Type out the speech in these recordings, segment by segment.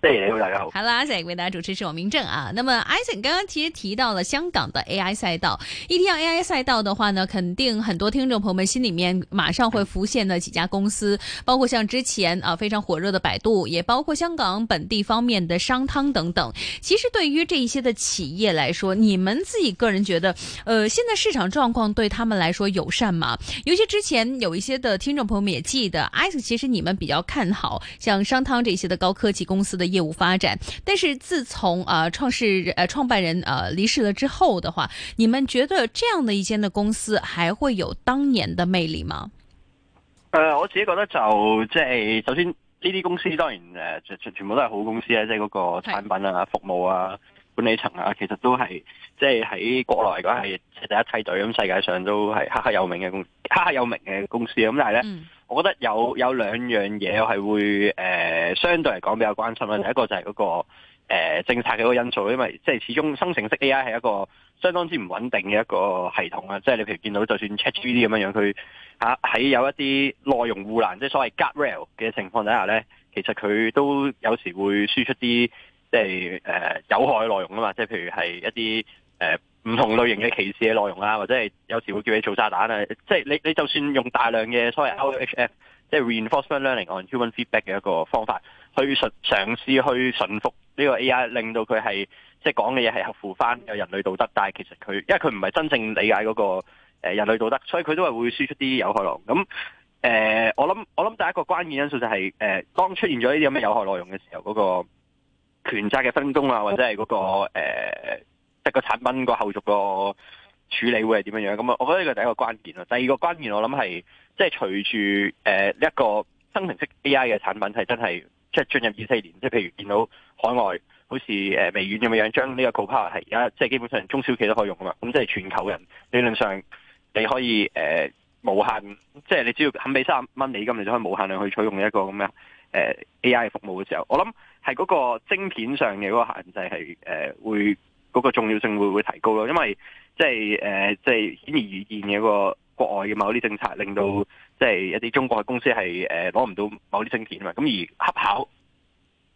對，對，對，好，好謝謝大家好，Hello，Isaac 為大家主持是我明正啊。那麼，Isaac 剛剛其實提到了香港的 AI 賽道，一提到 AI 賽道的話呢，肯定很多聽眾朋友們心裏面馬上會浮現了幾家公司，包括像之前啊非常火熱的百度，也包括香港本地方面的商湯等等。其實對於這一些的企業來說，你們自己個人覺得，呃，現在市場狀況對他們來說友善嗎？尤其之前有一些的聽眾朋友們也記得，Isaac 其實你們比較看好，好像商湯這些的高科技公司的業務發展，但是自從啊創始誒創辦人啊離世了之後的話，你們覺得這樣的一間的公司還會有當年的魅力嗎？誒、呃，我自己覺得就即係首先呢啲公司當然誒，全全全部都係好公司咧，即係嗰個產品啊、服務啊、管理層啊，其實都係即係喺國內嚟講係第一梯隊，咁世界上都係赫赫有名嘅公赫赫有名嘅公司，咁但係呢。嗯我覺得有有兩樣嘢係會誒、呃、相對嚟講比較關心啦，第一個就係嗰、那個、呃、政策嘅嗰個因素，因為即係始終生成式 AI 係一個相當之唔穩定嘅一個系統啊，即、就、係、是、你譬如見到就算 ChatGPT 咁樣樣，佢啊喺有一啲內容護欄，即、就、係、是、所謂 guard rail 嘅情況底下咧，其實佢都有時會輸出啲即係誒有害內容啊嘛，即係譬如係一啲誒。呃唔同類型嘅歧視嘅內容啊，或者係有時候會叫你做炸彈啊，即係你你就算用大量嘅所謂 LHF，即係 reinforcement learning on human feedback 嘅一個方法去嘗嘗試去馴服呢個 AI，令到佢係即係講嘅嘢係合符翻有人類道德，但係其實佢因為佢唔係真正理解嗰個誒人類道德，所以佢都係會輸出啲有害內容。咁誒、呃，我諗我諗第一個關鍵因素就係、是、誒、呃，當出現咗呢啲咁嘅有害內容嘅時候，嗰、那個權責嘅分工啊，或者係嗰、那個誒。呃得係個產品個後續個處理會係點樣樣？咁啊，我覺得呢個第一個關鍵咯。第二個關鍵我諗係即係隨住誒一個生成式 AI 嘅產品係真係即係進入二四年，即係譬如見到海外好似誒微軟咁嘅樣這，將呢個 Copilot 係而家即係基本上中小企都可以用噶嘛。咁即係全球人理論上你可以誒無限，即係你只要肯俾三十蚊美金，你就可以無限量去採用一個咁樣誒 AI 嘅服務嘅時候，我諗係嗰個晶片上嘅嗰個限制係誒會。嗰個重要性會唔會提高咯，因為即係誒，即、呃、係、就是、顯而易見嘅一個國外嘅某啲政策，令到即係一啲中國嘅公司係誒攞唔到某啲晶片啊嘛。咁而恰巧，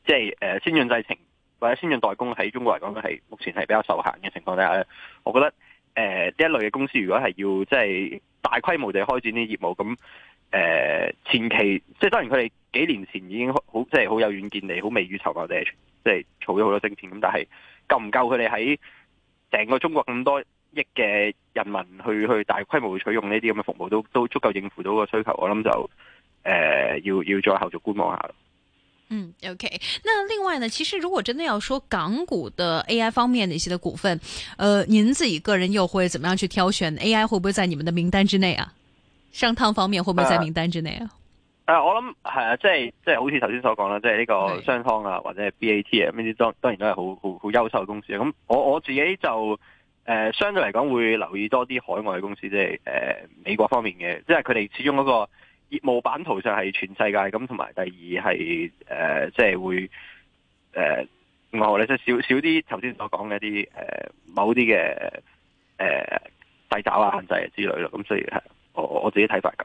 即、就、係、是、先進製程或者先進代工喺中國嚟講，都係目前係比較受限嘅情況底下，我覺得誒呢一類嘅公司，如果係要即係大規模地開展啲業務，咁誒前期即係、就是、當然佢哋幾年前已經好即係好有遠見嚟，好未雨綢繆地即係、就是、儲咗好多晶片咁，但係。夠唔夠佢哋喺成個中國咁多億嘅人民去去大規模去取用呢啲咁嘅服務都都足夠應付到個需求，我諗就誒、呃、要要再後續觀望下。嗯，OK。那另外呢，其實如果真的要說港股的 AI 方面的一些股份，誒、呃，您自己個人又會怎麼樣去挑選？AI 會不會在你們的名單之內啊？商湯方面會不會在名單之內啊？啊誒，uh, 我諗係啊，即係即係好似頭先所講啦，即係呢個商湯啊，或者係 B A T 啊，呢啲當當然都係好好好優秀嘅公司，咁我我自己就誒、呃、相對嚟講會留意多啲海外嘅公司，即係誒、呃、美國方面嘅，即係佢哋始終嗰個業務版圖上係全世界咁，同埋第二係誒、呃、即係會誒我咧即係少少啲頭先所講嘅一啲誒、呃、某啲嘅誒掣肘啊、限制之類啦，咁所以我我我自己睇法咁。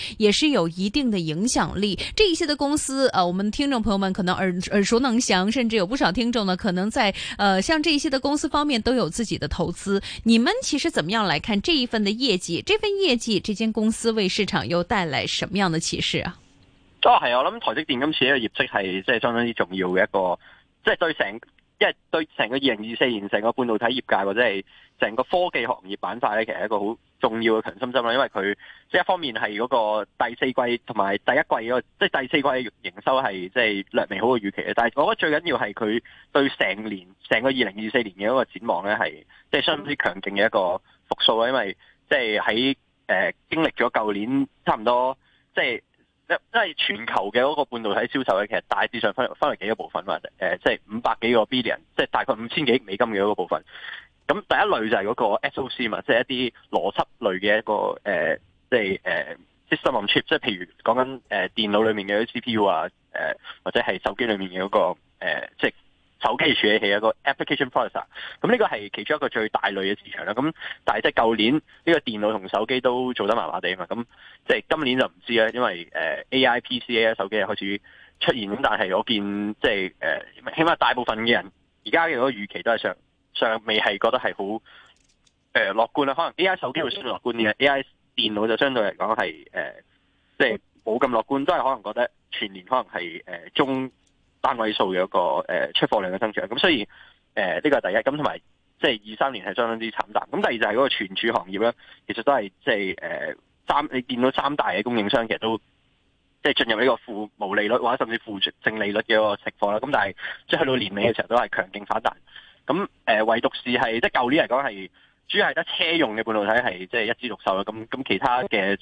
也是有一定的影響力，這一些的公司，呃，我們聽眾朋友們可能耳耳熟能詳，甚至有不少聽眾呢，可能在呃像這一些的公司方面都有自己的投資。你們其實怎麼樣來看這一份的業績？這份業績，這間公司為市場又帶來什麼樣的啟示啊？哦，係啊，我諗台積電今次呢個業績係即係相當之重要嘅一個，即係對成，即係對成個二零二四年成個半導體業界或者係。就是成個科技行業板塊咧，其實係一個好重要嘅強心針啦，因為佢即係一方面係嗰個第四季同埋第一季個，即係第四季嘅營收係即係略微好嘅預期啦。但係我覺得最緊要係佢對成年成個二零二四年嘅一個展望咧，係即係相當之強勁嘅一個復甦啦。因為即係喺誒經歷咗舊年差唔多，即係因為全球嘅嗰個半導體銷售咧，其實大致上分了分為幾個部分啦，誒即係五百幾個 billion，即係大概五千幾億美金嘅一個部分。咁第一類就係嗰個 SOC 嘛，即係一啲邏輯類嘅一個誒，即係誒，即係 System on Chip，即係譬如講緊誒電腦裏面嘅 CPU 啊，誒、呃、或者係手機裏面嘅嗰個誒，即係手機處理器一個 application processor。咁呢個係其中一個最大類嘅市場啦。咁但係即係舊年呢個電腦同手機都做得麻麻地啊嘛。咁即係今年就唔知啦，因為誒、呃、AIPCA 手機開始出現。咁但係我見即係誒，起碼大部分嘅人而家嘅嗰個預期都係上。尚未係覺得係好誒樂觀啦，可能 A I 手機會相對樂觀啲，A I 電腦就相對嚟講係誒，即係冇咁樂觀，都係可能覺得全年可能係誒、呃、中單位數嘅一個誒、呃、出貨量嘅增長。咁所以誒呢、呃這個係第一，咁同埋即係二三年係相當之慘淡。咁第二就係嗰個存儲行業咧，其實都係即係誒三，呃、3, 你見到三大嘅供應商其實都即係進入呢個負毛利率或者甚至負淨利率嘅一個食貨啦。咁但係即係去到年尾嘅時候都係強勁反彈。咁誒、嗯，唯獨是係即係舊年嚟講係，主要係得車用嘅半導體係即係一枝獨秀啦。咁咁其他嘅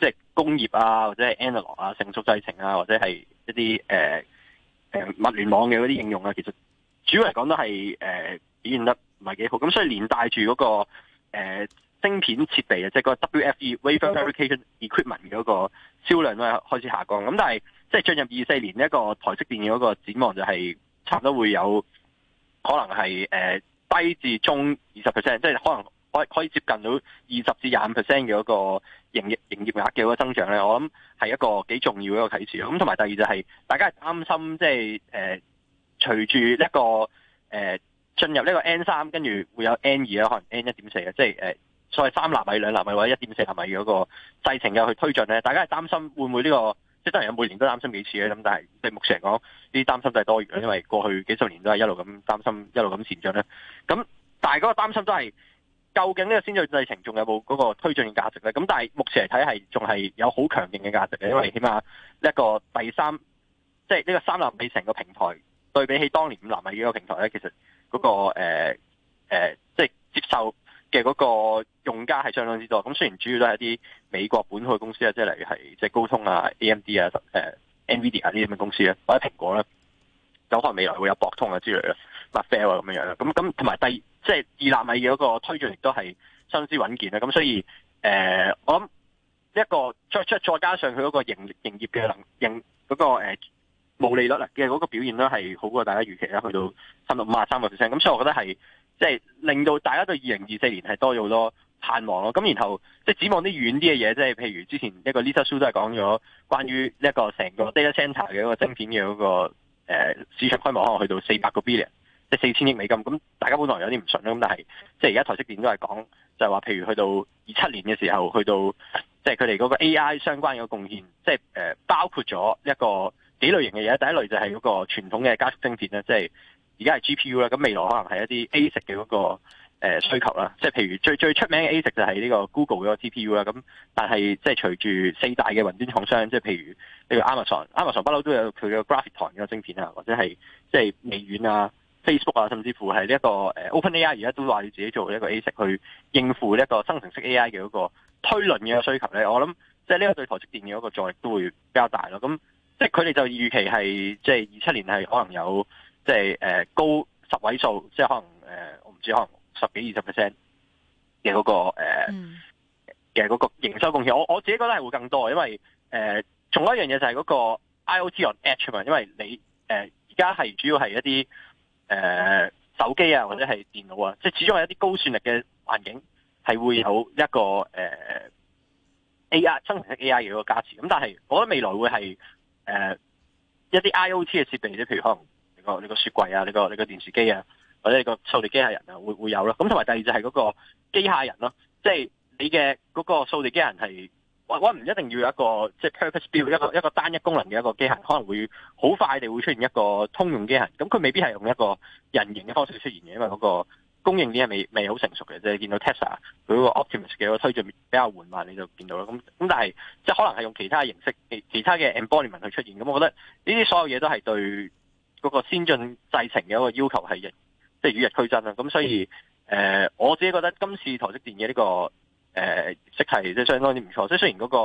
即係工業啊，或者係 analog 啊、成熟製程啊，或者係一啲誒、呃、物聯網嘅嗰啲應用啊，其實主要嚟講都係誒、呃、表現得唔係幾好。咁所以連帶住嗰、那個誒、呃、晶片設備啊，即係嗰個 WFE wafer fabrication equipment 嘅嗰個銷量都係開始下降。咁但係即係進入二四年呢一、這個台式電腦嗰個展望就係差唔多會有。可能係誒低至中二十 percent，即係可能可可以接近到二十至廿五 percent 嘅一個營業營業額嘅一個增長咧，我諗係一個幾重要嘅一個啟示。咁同埋第二就係、是、大家係擔心，即係誒隨住一、這個誒、呃、進入呢個 N 三，跟住會有 N 二啊，可能 N 一點四嘅，即係誒所謂三納米、兩納米或者一點四納米嗰個製程嘅去推進咧，大家係擔心會唔會呢、這個？即係有每年都擔心幾次嘅，咁但係即目前嚟講，呢啲擔心就係多餘啦，因為過去幾十年都係一路咁擔心，一路咁前進咧。咁但係嗰個擔心都係究竟呢個先進製程仲有冇嗰個推進嘅價值咧？咁但係目前嚟睇係仲係有好強勁嘅價值嘅，因為起碼一個第三，即係呢個三納米成個平台對比起當年五納米嘅一個平台咧，其實嗰、那個誒、呃呃、即係接受。嘅嗰個用家係相當之多，咁雖然主要都係一啲美國本土公司啊，即係例如係即係高通啊、AMD 啊、呃、NVIDIA 啊呢啲咁嘅公司咧，或者蘋果咧，就可能未來會有博通啊之類嘅 Marvell 咁樣樣啦。咁咁同埋第即係二、就是、納米嘅嗰個推進亦都係相當之穩健啦。咁所以誒、呃，我諗呢一個再再再加上佢嗰個營業嘅營嗰個誒、呃、毛利率啦嘅嗰個表現咧係好過大家預期啦，去到差唔多五啊三個 percent。咁所以我覺得係。即係令到大家對二零二四年係多咗好多盼望咯、啊。咁然後即係指望啲遠啲嘅嘢，即、就、係、是、譬如之前一個 Lisa Su 都係講咗關於一個成個 data center 嘅嗰個晶片嘅嗰個市場規模可能去到四百個 billion，即係四千億美金。咁大家本來有啲唔信啦。咁但係即係而家台積電都係講就話，譬如去到二七年嘅時候，去到即係佢哋嗰個 AI 相關嘅貢獻，即、就、係、是、包括咗一個幾類型嘅嘢。第一類就係嗰個傳統嘅加速晶片咧，即係。而家係 G P U 啦，咁未來可能係一啲 A 食嘅嗰個需、呃、求啦。即係譬如最最出名嘅 A 食就係呢個 Google 嗰個 T P U 啦。咁但係即係隨住四大嘅雲端廠商，商，即係譬如譬如 Amazon，Amazon 不嬲都有佢嘅 Graphiton 嘅晶片啊，或者係即係微軟啊、Facebook 啊，甚至乎係呢一個誒、呃、Open AI 而家都話要自己做一個 A 食去應付呢一個生成式 A I 嘅嗰個推論嘅需求咧。我諗即係呢一個對台積電嘅一個助力都會比較大咯。咁即係佢哋就預期係即係二七年係可能有。即係誒高十位數，即、就、係、是、可能誒，我唔知可能十幾二十 percent 嘅個誒嘅、mm. 個營收貢獻，我我自己覺得係會更多，因為誒仲、呃、有一樣嘢就係個 IOT on edge 嘛，因為你誒而家係主要係一啲誒、呃、手機啊或者係電腦啊，即、就、係、是、始終係一啲高算力嘅環境，係會有一個誒 AI 增強式 AI 嘅嗰個價值。咁但係我覺得未來會係誒、呃、一啲 IOT 嘅設備，即係譬如可能。哦，你個雪櫃啊，你個你個電視機啊，或者你個掃地機械人啊，會會有咯、啊。咁同埋第二就係嗰個機械人咯、啊，即係你嘅嗰個掃地機械人係，我我唔一定要有一個即係 purpose build 一個一個單一功能嘅一個機械，可能會好快地會出現一個通用機械。咁佢未必係用一個人形嘅方式出現嘅，因為嗰個供應鏈係未未好成熟嘅，即係見到 Tesla 佢嗰個 Optimus 嘅個推進比較緩慢，你就見到啦。咁咁但係即係可能係用其他形式，其，其他嘅 embodiment 去出現。咁我覺得呢啲所有嘢都係對。嗰個先進製程嘅一個要求係日即係與日俱增啦，咁所以誒、嗯呃、我自己覺得今次台積電嘅呢、這個誒績係即係相當之唔錯，即係雖然嗰、那個、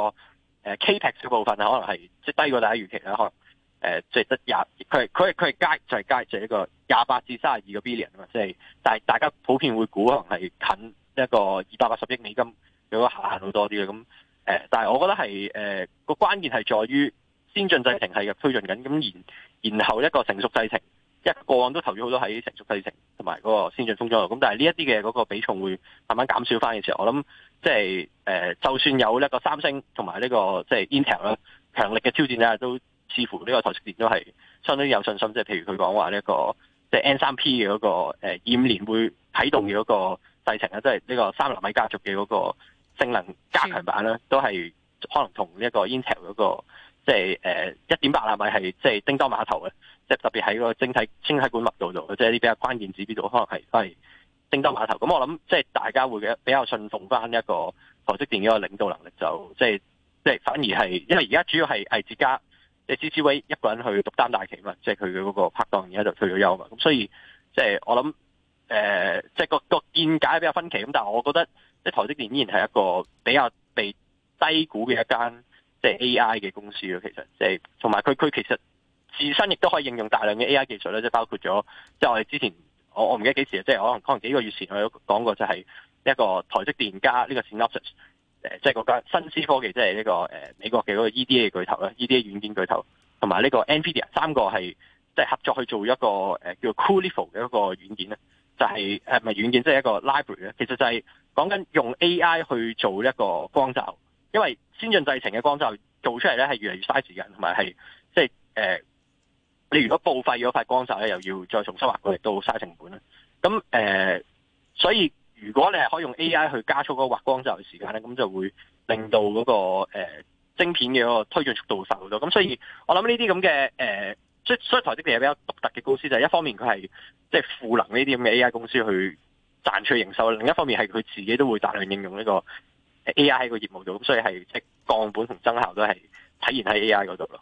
呃、CAPEX 小部分可能係即係低過大家預期啦，可能即最得廿佢佢佢係介就係介住呢個廿八至卅二個 billion 啊嘛，即係大大家普遍會估可能係近一個二百八十億美金有個下限好多啲嘅咁誒，但係我覺得係誒個關鍵係在於。先進製程係嘅推進緊，咁然然後一個成熟製程，一個案都投咗好多喺成熟製程同埋嗰個先進封裝度。咁但係呢一啲嘅嗰個比重會慢慢減少翻嘅時候，我諗即係誒，就算有呢個三星同埋呢個即係 Intel 啦，強力嘅挑戰一下，都似乎呢個台積電都係相當有信心。即係譬如佢講話呢個即係 N 三 P 嘅嗰個誒二五年會啟動嘅嗰個製程即係呢個三納米家族嘅嗰個性能加強版啦，都係可能同呢一個 Intel 嗰個。即係誒，一點八係咪係即係叮當碼頭嘅，即係特別喺個精體清體管模度度，即係啲比較關鍵指標度，可能係翻嚟叮當碼頭。咁我諗即係大家會比較信奉翻一個台積電嗰個領導能力，就即係即係反而係，因為而家主要係魏哲家即係蔡志威一個人去獨擔大旗嘛，即係佢嘅嗰個拍檔而家就退咗休嘛，咁所以即係我諗誒，即、呃、係、就是、個個見解比較分歧，咁但係我覺得即係台積電依然係一個比較被低估嘅一間。即係 AI 嘅公司咯，其實即係同埋佢佢其實自身亦都可以應用大量嘅 AI 技術咧，即、就是、包括咗即係我哋之前我我唔記得幾時啊，即係可能可能幾個月前我有講過，就係一個台積電家呢、這個 Synopsys 即係嗰間新思科技，即係呢個、呃、美國嘅嗰個 EDA 巨頭啦，EDA 軟件巨頭同埋呢個 NVIDIA 三個係即係合作去做一個叫做 cuLitho 嘅一個軟件咧，就係誒唔係軟件，即、就、係、是、一個 library 咧，其實就係講緊用 AI 去做一個光罩。因為先進製程嘅光罩做出嚟咧係越嚟越嘥時間，同埋係即係誒、呃，你如果報廢咗塊光罩咧，又要再重新畫過嚟，都嘥成本啦。咁誒、呃，所以如果你係可以用 A.I. 去加速嗰個畫光罩嘅時間咧，咁就會令到嗰、那個誒、呃、晶片嘅個推進速度快好多。咁所以我諗呢啲咁嘅誒，即、呃、係所,所以台積電係比較獨特嘅公司，就係、是、一方面佢係即係賦能呢啲咁嘅 A.I. 公司去賺取營收，另一方面係佢自己都會大量應用呢、這個。A.I. 個業務度，所以係即係降本同增效都係體現喺 A.I. 嗰度咯。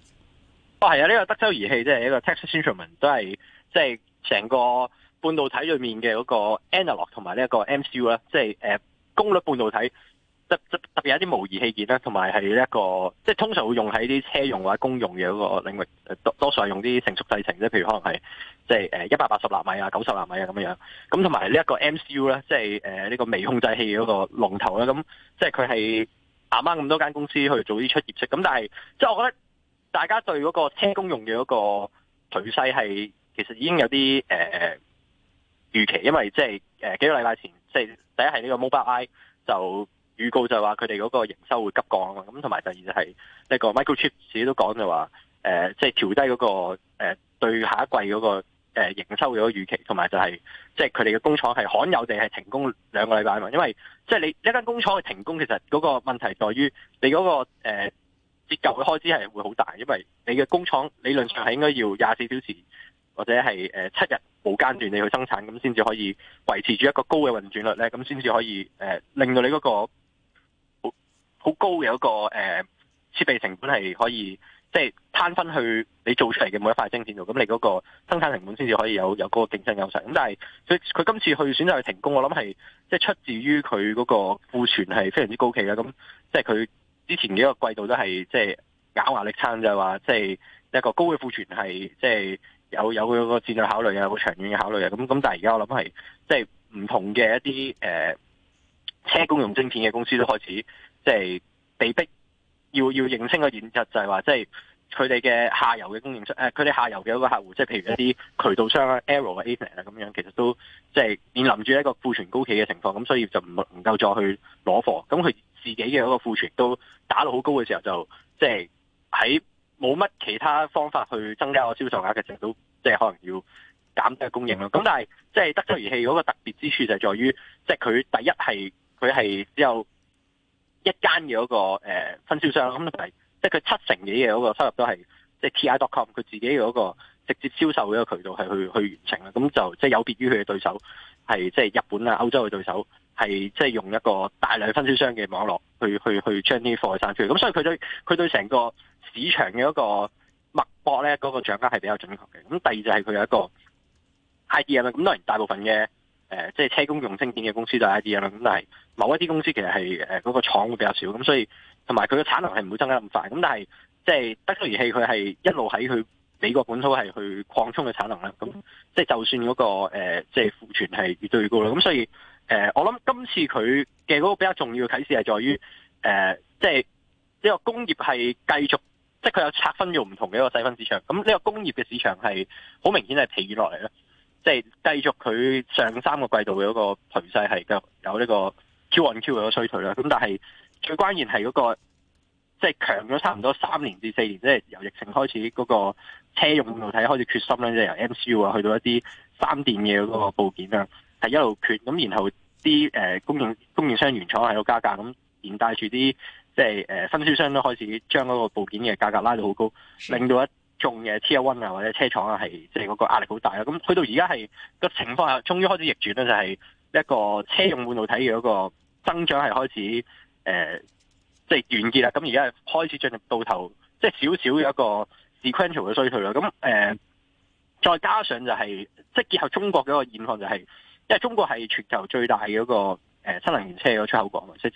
哦，係啊！呢、這個德州儀器即係、就是、一個 Texas Instrument 都係即係成個半導體裏面嘅嗰個 analog 同埋呢一個 MCU 啦、就是，即係誒功率半導體，特特特別有啲模擬器件啦，同埋係一個即係通常會用喺啲車用或者公用嘅嗰個領域，誒多多數係用啲成熟製程，即譬如可能係即係誒一百八十納米啊、九十納米啊咁樣。咁同埋呢一個 MCU 咧、就是，即係誒呢個微控制器嗰個龍頭啦，咁即係佢係啱啱咁多間公司去做啲出業績。咁但係即係我覺得，大家對嗰個車公用嘅嗰個頹勢係其實已經有啲誒、呃、預期，因為即係誒幾個禮拜前，即係第一係呢個 Mobileye 就預告就話佢哋嗰個營收會急降啊嘛，咁同埋第二就係呢個 Microchip 自己都講、呃、就話誒，即係調低嗰、那個誒、呃、對下一季嗰、那個誒、呃、營收嘅個預期，同埋就係即係佢哋嘅工廠係罕有地係停工兩個禮拜啊嘛，因為即係你一間工廠嘅停工，其實嗰個問題在於你嗰、那個、呃折舊嘅開支係會好大，因為你嘅工廠理論上係應該要廿四小時或者係誒七日無間斷你去生產，咁先至可以維持住一個高嘅運轉率咧，咁先至可以誒令到你嗰個好好高嘅一個誒設備成本係可以即係攤分去你做出嚟嘅每一塊晶片度，咁你嗰個生產成本先至可以有有嗰個競爭優勢。咁但係佢佢今次去選擇去停工，我諗係即係出自於佢嗰個庫存係非常之高企啦，咁即係佢。之前幾個季度都係即係咬牙力撐，就係話即係一個高嘅庫存係即係有有個戰略考慮啊，有個長遠嘅考慮啊。咁咁，但係而家我諗係即係唔同嘅一啲、呃、車公用晶片嘅公司都開始即係被逼要要認清個現實，就係話即係佢哋嘅下游嘅供應商、呃、佢哋下游嘅一個客戶，即係譬如一啲渠道商啊、Arrow 啊、Aster 啊咁樣，其實都即係面臨住一個庫存高企嘅情況，咁所以就唔唔夠再去攞貨，咁佢。自己嘅嗰個庫存都打到好高嘅時候就，就即係喺冇乜其他方法去增加個銷售額嘅時候，都即係可能要減低供應咯。咁但係即係德州儀器嗰個特別之處就係在於，即係佢第一係佢係只有一間嘅嗰個誒分銷商，咁同係即係佢七成幾嘅嗰個收入都係即係 TI dot com 佢自己嘅嗰個。直接銷售嘅一個渠道係去去完成啦，咁就即係有別於佢嘅對手，係即係日本啊、歐洲嘅對手，係即係用一個大量分銷商嘅網絡去去去將啲貨散出嚟。咁所以佢對佢對成個市場嘅一個脈搏咧，嗰個掌握係比較準確嘅。咁第二就係佢有一個 IDM 啦。咁當然大部分嘅誒即係車工用芯片嘅公司就係 IDM 啦。咁但係某一啲公司其實係誒嗰個廠會比較少，咁所以同埋佢嘅產能係唔會增加咁快。咁但係即係德州儀器佢係一路喺佢。美國本土係去擴充嘅產能啦，咁即係就算嗰個誒即係庫存係越嚟越高啦，咁所以誒我諗今次佢嘅嗰個比較重要嘅啟示係在於誒即係呢個工業係繼續即係佢有拆分用唔同嘅一個細分市場，咁呢個工業嘅市場係好明顯係疲軟落嚟啦，即係繼續佢上三個季度嘅嗰個頹勢係有呢個 QoQ 嘅衰退啦，咁但係最關鍵係嗰個。即係強咗差唔多三年至四年，即係由疫情開始嗰個車用半導體開始缺芯咧，即係由 M C U 啊，去到一啲三電嘅嗰個部件啊，係一路缺咁，然後啲誒供應供應商原廠喺度加價，咁連帶住啲即係誒分銷商都開始將嗰個部件嘅價格拉到好高，令到一眾嘅 Tier One 啊或者車廠啊係即係嗰個壓力好大啦。咁去到而家係個情況下，終於開始逆轉咧，就係一個車用半導體嘅嗰個增長係開始誒。呃即係完結啦，咁而家開開始進入到頭，即係少少有一個 sequential 嘅衰退啦。咁誒、呃，再加上就係即係結合中國嘅一個現況、就是，就係因為中國係全球最大嘅一個誒、呃、新能源車嘅出口國啊，即係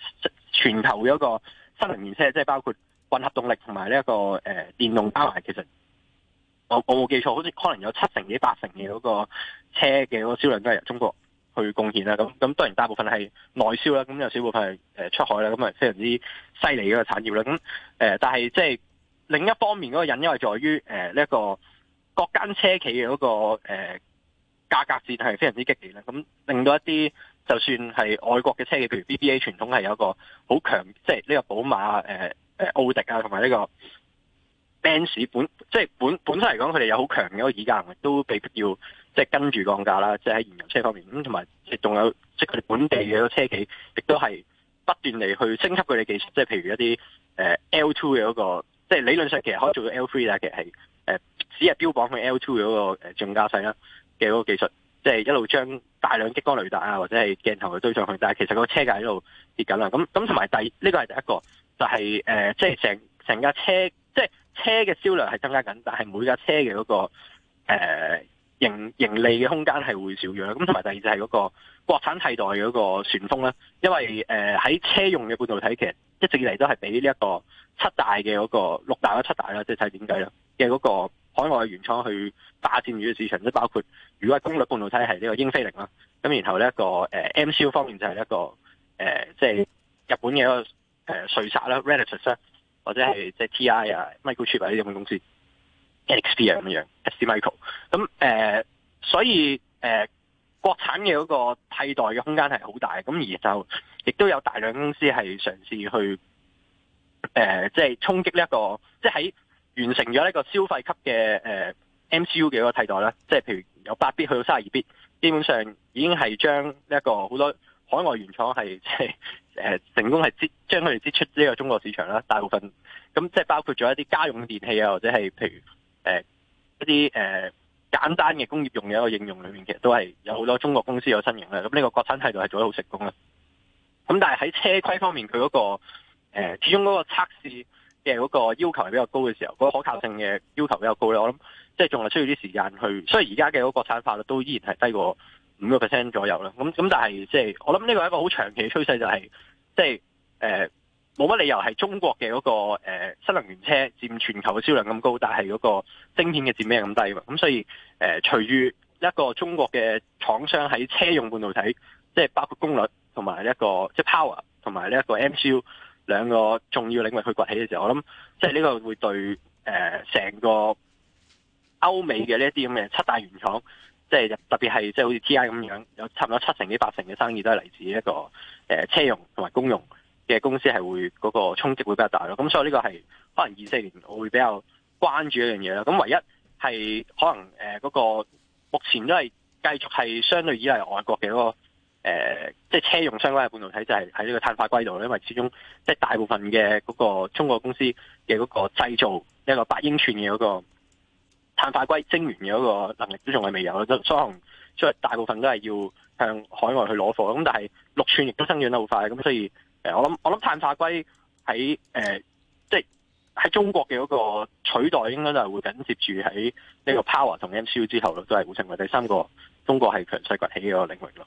全球有一個新能源車，即、就、係、是、包括混合動力同埋呢一個誒、呃、電動品牌其實我我冇記錯，好似可能有七成幾八成嘅嗰個車嘅嗰個銷量都係由中國。去貢獻啦，咁咁當然大部分係內銷啦，咁有少部分係出海啦，咁係非常之犀利嘅個產業啦。咁、呃、但係即係另一方面嗰個隱憂係在於呢一、呃這個各間車企嘅嗰、那個誒、呃、價格戰係非常之激烈啦，咁令到一啲就算係外國嘅車企，譬如 BBA 傳統係有一個好強，即係呢個寶馬誒誒奧迪啊，同埋呢個 Benz 本即係、就是、本本身嚟講佢哋有好強嘅一個議價能力，都被迫要。即係跟住降價啦，即係喺燃油車方面咁，同埋即係仲有即係佢哋本地嘅車企亦都係不斷嚟去升級佢哋技術，即係譬如一啲 L2 嘅嗰個，即係理論上其實可以做到 L3 啦，其實係誒只係標榜佢 L2 嘅嗰個誒自動駕駛啦嘅嗰個技術，即係一路將大量激光雷達啊或者係鏡頭去堆上去，但係其實個車價喺度跌緊啦。咁咁同埋第呢個係第一個，就係誒即係成成架車，即係車嘅銷量係增加緊，但係每架車嘅嗰個，呃盈盈利嘅空間係會少咗，咁同埋第二就係嗰個國產替代嗰個旋風啦，因為誒喺車用嘅半導體其實一直以嚟都係俾呢一個七大嘅嗰個六大嘅七大啦，即係睇點計啦嘅嗰個海外嘅原廠去霸佔住嘅市場，即包括如果係功率半導體係呢個英飛凌啦，咁然後呢一個誒 MCO 方面就係一個誒即係日本嘅一個誒瑞薩啦，is, 或者係即係 TI 啊、Microchip 啊呢啲咁嘅公司。a l x p 啊，咁樣 x r Michael，咁誒，所以誒、呃，國產嘅嗰個替代嘅空間係好大，咁而就亦都有大量公司係嘗試去誒，即係衝擊呢一個，即係喺完成咗呢個消費級嘅誒、呃、MCU 嘅嗰個替代啦。即係譬如由八 bit 去到卅二 bit，基本上已經係將呢一個好多海外原廠係即係誒成功係擠將佢哋擠出呢個中國市場啦。大部分咁即係包括咗一啲家用電器啊，或者係譬如。誒、呃，一啲誒、呃、簡單嘅工業用嘅一個應用裏面，其實都係有好多中國公司有身影啦。咁呢個國產替代係做得好成功啦。咁但係喺車規方面，佢嗰、那個誒、呃、始終嗰個測試嘅嗰個要求係比較高嘅時候，嗰、那個可靠性嘅要求比較高咧。我諗即係仲係需要啲時間去。所以而家嘅嗰個國產化率都依然係低過五個 percent 左右啦。咁咁但係即係我諗呢個係一個好長期嘅趨勢，就係即係誒。呃冇乜理由係中國嘅嗰個誒新能源車佔全球嘅銷量咁高，但係嗰個晶片嘅佔比咁低。咁所以誒、呃，隨於一個中國嘅廠商喺車用半導體，即係包括功率同埋呢一個即係 power 同埋呢一個 MCU 兩個重要領域去崛起嘅時候，我諗即係呢個會對誒成個歐美嘅呢一啲咁嘅七大原廠，即係特別係即係好似 TI 咁樣，有差唔多七成幾八成嘅生意都係嚟自一個誒、呃、車用同埋工用。嘅公司係會嗰、那個衝擊會比較大咯，咁所以呢個係可能二四年我會比較關注一樣嘢啦。咁唯一係可能誒嗰、呃那個目前都係繼續係相對依賴外國嘅嗰、那個即係、呃就是、車用相關嘅半導體，就係喺呢個碳化硅度，因為始終即係大部分嘅嗰個中國公司嘅嗰個製造一、這個八英寸嘅嗰個碳化硅晶圓嘅嗰個能力都仲係未有，都所以大部分都係要向海外去攞貨。咁但係六寸亦都增長得好快，咁所以。我諗我諗碳化硅喺誒，即係喺中國嘅個取代，應該就係會緊接住喺呢個 power 同 MCU 之後咯，都係會成為第三個中國係強勢崛起嘅個領域咯。